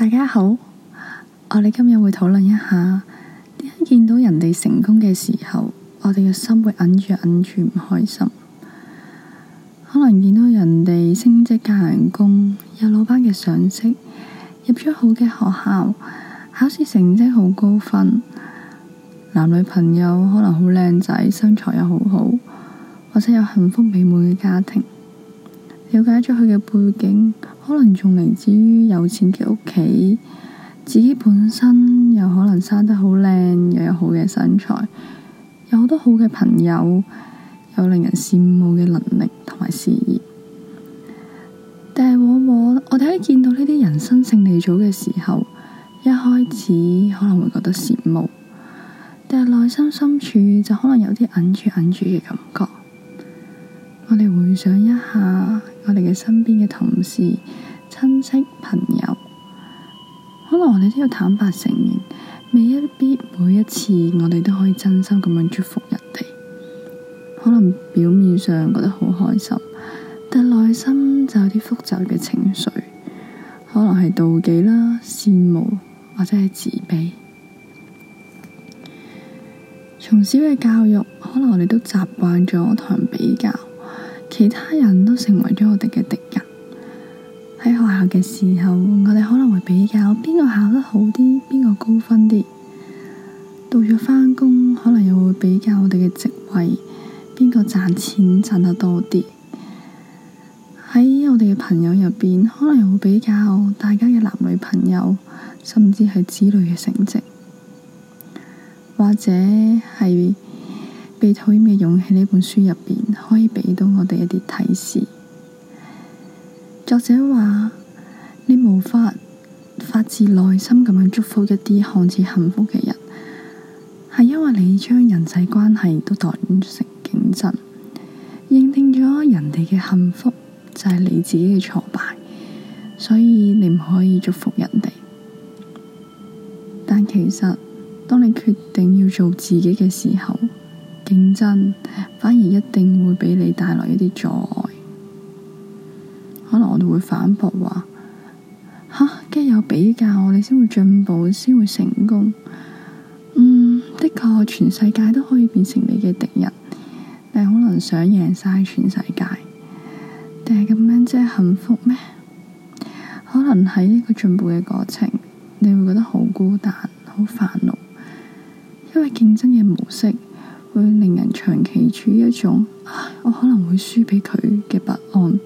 大家好，我哋今日會討論一下，點解見到人哋成功嘅時候，我哋嘅心會忍住忍住唔開心？可能見到人哋升職加人工，有老闆嘅賞識，入咗好嘅學校，考試成績好高分，男女朋友可能好靚仔，身材又好好，或者有幸福美滿嘅家庭，了解咗佢嘅背景。可能仲嚟自於有錢嘅屋企，自己本身又可能生得好靚，又有好嘅身材，有好多好嘅朋友，有令人羨慕嘅能力同埋事業。但係往往，我哋喺見到呢啲人生勝利組嘅時候，一開始可能會覺得羨慕，但係內心深處就可能有啲哽住哽住嘅感覺。我哋回想一下，我哋嘅身邊嘅同事、親戚、朋友，可能我哋都要坦白承認，未必每一次我哋都可以真心咁樣祝福人哋。可能表面上覺得好開心，但內心就有啲複雜嘅情緒，可能係妒忌啦、羨慕，或者係自卑。從小嘅教育，可能我哋都習慣咗同人比較。其他人都成為咗我哋嘅敵人。喺學校嘅時候，我哋可能會比較邊個考得好啲，邊個高分啲。到咗返工，可能又會比較我哋嘅職位，邊個賺錢賺得多啲。喺我哋嘅朋友入面，可能又會比較大家嘅男女朋友，甚至係子女嘅成績，或者係。被討厭嘅勇氣呢本書入邊可以畀到我哋一啲提示。作者話：你無法發自內心咁樣祝福一啲看似幸福嘅人，係因為你將人際關係都當成競爭，認定咗人哋嘅幸福就係你自己嘅挫敗，所以你唔可以祝福人哋。但其實，當你決定要做自己嘅時候，競爭反而一定會俾你帶來一啲阻礙，可能我哋會反駁話：吓，梗係有比較，我哋先會進步，先會成功。嗯，的確，全世界都可以變成你嘅敵人。你可能想贏晒全世界，但係咁樣真係幸福咩？可能喺呢個進步嘅過程，你會覺得好孤單、好煩惱，因為競爭嘅模式。會令人長期處於一種，唉，我可能會輸俾佢嘅不安。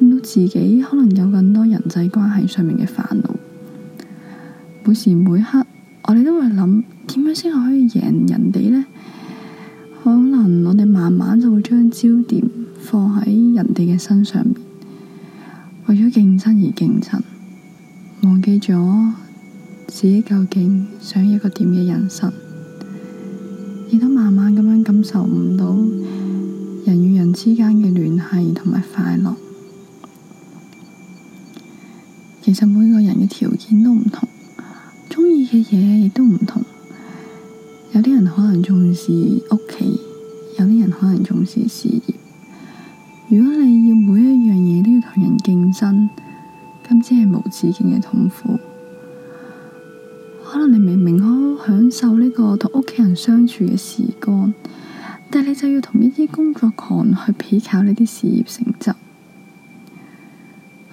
令到自己可能有更多人際關係上面嘅煩惱。每時每刻，我哋都會諗，點樣先可以贏人哋呢？可能我哋慢慢就會將焦點放喺人哋嘅身上面，為咗競爭而競爭，忘記咗自己究竟想要一個點嘅人生。亦都慢慢咁樣感受唔到人與人之間嘅聯繫同埋快樂。其實每個人嘅條件都唔同，鍾意嘅嘢亦都唔同。有啲人可能重視屋企，有啲人可能重視事業。如果你要每一樣嘢都要同人競爭，咁即係無止境嘅痛苦。可能你明明可。享受呢個同屋企人相處嘅時光，但你就要同呢啲工作狂去比較呢啲事業成就。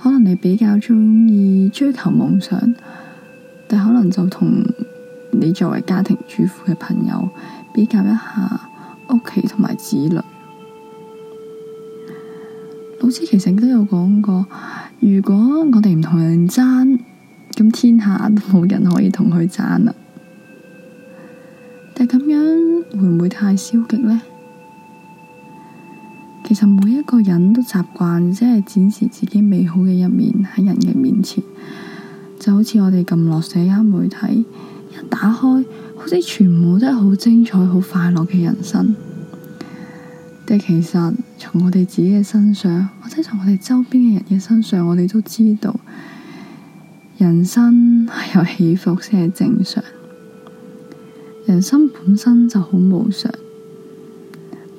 可能你比較鍾意追求夢想，但可能就同你作為家庭主婦嘅朋友比較一下屋企同埋子女。老師其實都有講過，如果我哋唔同人爭，咁天下都冇人可以同佢爭啦。但係咁樣會唔會太消極呢？其實每一個人都習慣即係展示自己美好嘅一面喺人嘅面前，就好似我哋撳落社交媒體一打開，好似全部都係好精彩、好快樂嘅人生。但係其實從我哋自己嘅身上，或者從我哋周邊嘅人嘅身上，我哋都知道，人生係有起伏先係正常。人生本身就好無常，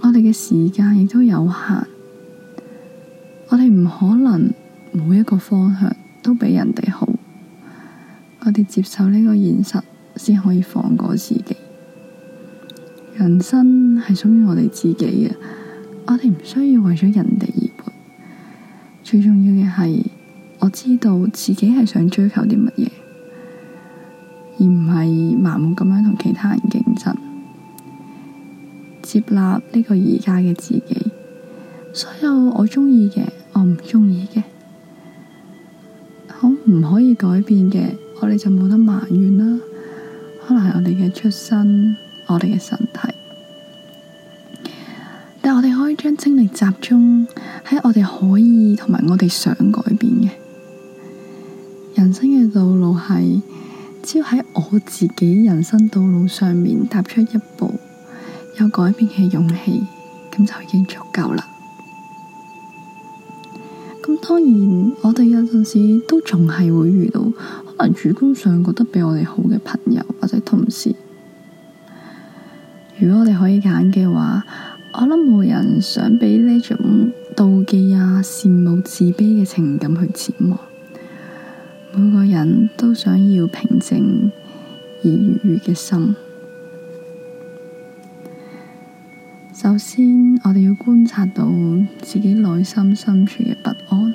我哋嘅時間亦都有限，我哋唔可能每一個方向都比人哋好，我哋接受呢個現實先可以放過自己。人生係屬於我哋自己嘅，我哋唔需要為咗人哋而活。最重要嘅係，我知道自己係想追求啲乜嘢。而唔係盲目咁樣同其他人競爭，接納呢個而家嘅自己，所有我鍾意嘅，我唔鍾意嘅，可唔可以改變嘅，我哋就冇得埋怨啦。可能係我哋嘅出身，我哋嘅身體，但我哋可以將精力集中喺我哋可以同埋我哋想改變嘅人生嘅道路係。只要喺我自己人生道路上面踏出一步，有改變嘅勇氣，咁就已經足夠啦。咁當然，我哋有陣時都仲係會遇到，可能主觀上覺得比我哋好嘅朋友或者同事。如果我哋可以揀嘅話，我諗冇人想俾呢種妒忌啊、羨慕、自卑嘅情感去折磨。每個人都想要平靜而愉悦嘅心。首先，我哋要觀察到自己內心深處嘅不安，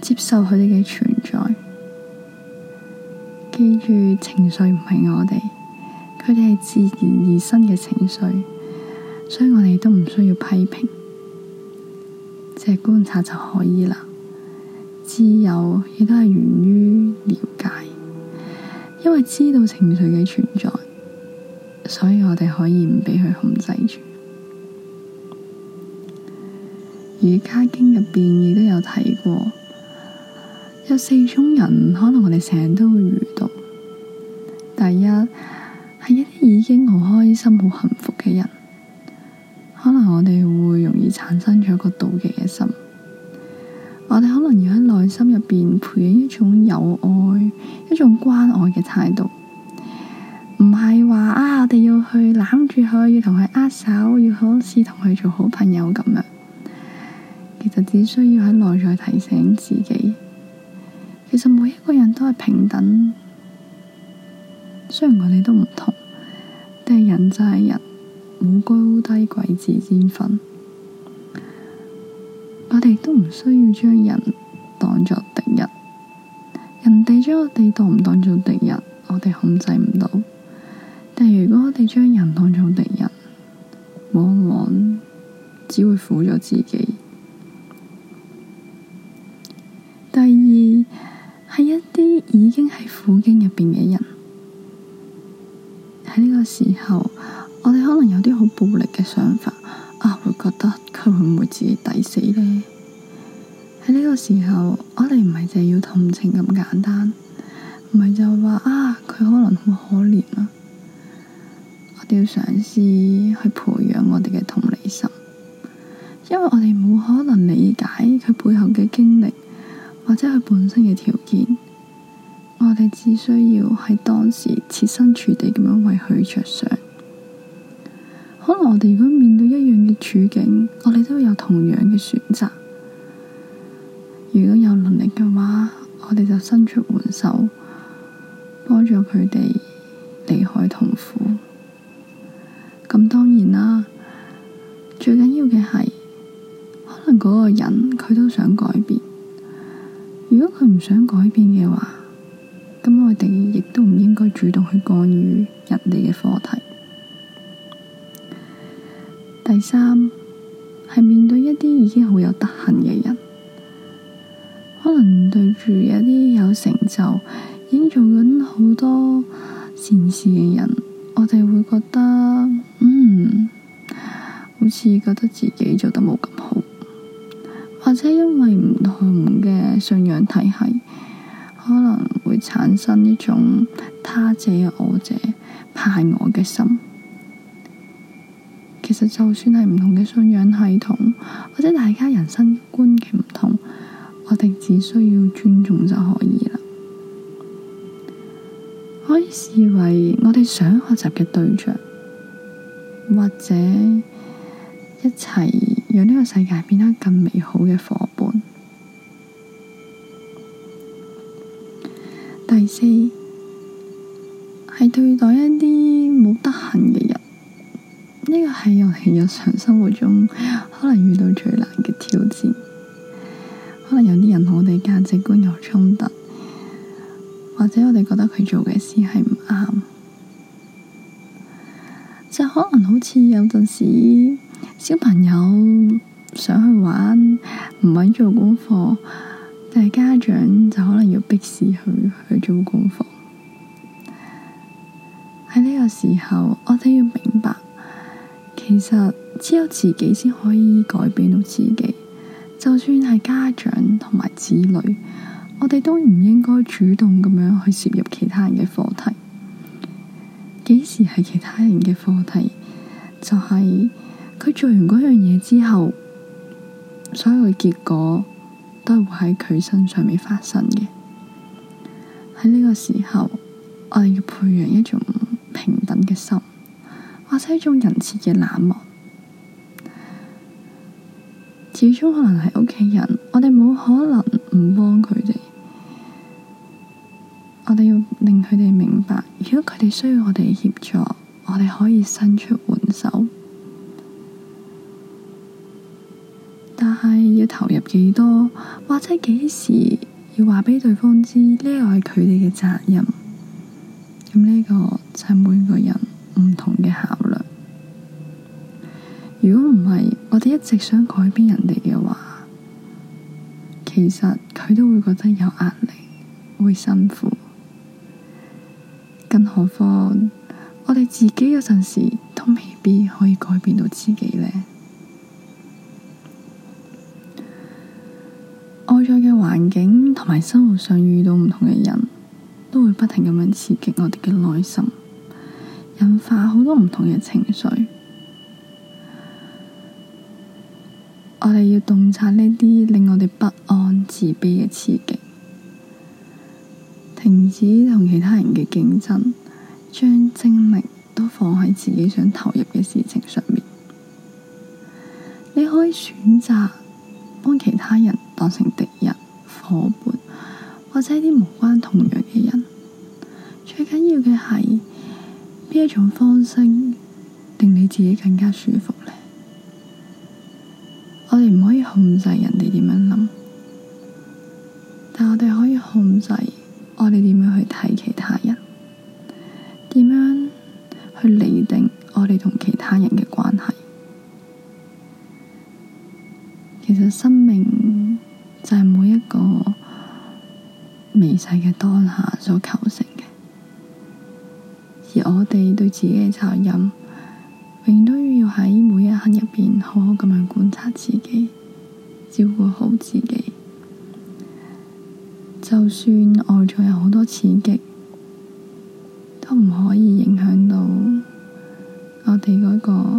接受佢哋嘅存在。記住，情緒唔係我哋，佢哋係自然而生嘅情緒，所以我哋都唔需要批評，只係觀察就可以啦。自由亦都係源於了解，因為知道情緒嘅存在，所以我哋可以唔俾佢控制住。《瑜伽經》入邊亦都有提過，有四種人，可能我哋成日都會遇到。第一係一啲已經好開心、好幸福嘅人，可能我哋會容易產生咗一個妒忌嘅心。我哋可能要喺內心入邊培養一種友愛、一種關愛嘅態度，唔係話啊我哋要去攬住佢，要同佢握手，要好似同佢做好朋友咁樣。其實只需要喺內在提醒自己，其實每一個人都係平等，雖然我哋都唔同，但係人就係人，冇高低貴賤之分。我哋都唔需要將人當作敵人，人哋將我哋當唔當作敵人，我哋控制唔到。但如果我哋將人當作敵人，往往只會苦咗自己。第二係一啲已經喺苦境入邊嘅人，喺呢個時候，我哋可能有啲好暴力嘅想法。覺得佢會唔會自己抵死呢？喺呢個時候，我哋唔係淨係要同情咁簡單，唔係就話啊佢可能好可憐啊。我哋要嘗試去培養我哋嘅同理心，因為我哋冇可能理解佢背後嘅經歷或者佢本身嘅條件，我哋只需要喺當時設身處地咁樣為佢着想。可能我哋如果面對一樣嘅處境，我哋都有同樣嘅選擇。如果有能力嘅話，我哋就伸出援手，幫助佢哋離開痛苦。咁當然啦，最緊要嘅係，可能嗰個人佢都想改變。如果佢唔想改變嘅話，咁我哋亦都唔應該主動去干預人哋嘅課題。第三，係面對一啲已經好有德行嘅人，可能對住一啲有成就、已經做緊好多善事嘅人，我哋會覺得，嗯，好似覺得自己做得冇咁好，或者因為唔同嘅信仰體系，可能會產生一種他者我者、怕我嘅心。其實就算係唔同嘅信仰系統，或者大家人生觀嘅唔同，我哋只需要尊重就可以啦。可以視為我哋想學習嘅對象，或者一齊讓呢個世界變得更美好嘅夥伴。第四，係對待一啲冇得閒嘅。呢個係我哋日常生活中可能遇到最難嘅挑戰，可能有啲人同我哋價值觀有衝突，或者我哋覺得佢做嘅事係唔啱，就可能好似有陣時小朋友想去玩，唔肯做功課，但係家長就可能要逼使佢去做功課。喺呢個時候，我哋要明白。其實只有自己先可以改變到自己，就算係家長同埋子女，我哋都唔應該主動咁樣去涉入其他人嘅課題。幾時係其他人嘅課題？就係、是、佢做完嗰樣嘢之後，所有嘅結果都係會喺佢身上面發生嘅。喺呢個時候，我哋要培養一種平等嘅心。這種人設嘅冷漠，始終可能係屋企人。我哋冇可能唔幫佢哋，我哋要令佢哋明白，如果佢哋需要我哋協助，我哋可以伸出援手。但係要投入幾多，或者幾時要話俾對方知，呢個係佢哋嘅責任。咁呢個就係每個人唔同嘅考慮。如果唔係，我哋一直想改變人哋嘅話，其實佢都會覺得有壓力，會辛苦。更何況，我哋自己有陣時都未必可以改變到自己呢。外在嘅環境同埋生活上遇到唔同嘅人，都會不停咁樣刺激我哋嘅內心。引發好多唔同嘅情緒，我哋要洞察呢啲令我哋不安、自卑嘅刺激，停止同其他人嘅競爭，將精力都放喺自己想投入嘅事情上面。你可以選擇幫其他人當成敵人、伙伴，或者啲無關痛癢嘅人。最緊要嘅係。邊一種方式令你自己更加舒服呢？我哋唔可以控制人哋點樣諗，但我哋可以控制我哋點樣去睇其他人，點樣去厘定我哋同其他人嘅關係。其實生命就係每一個微細嘅當下所構成。而我哋對自己嘅責任，永遠都要喺每一刻入邊好好咁樣觀察自己，照顧好自己。就算外在有好多刺激，都唔可以影響到我哋嗰個。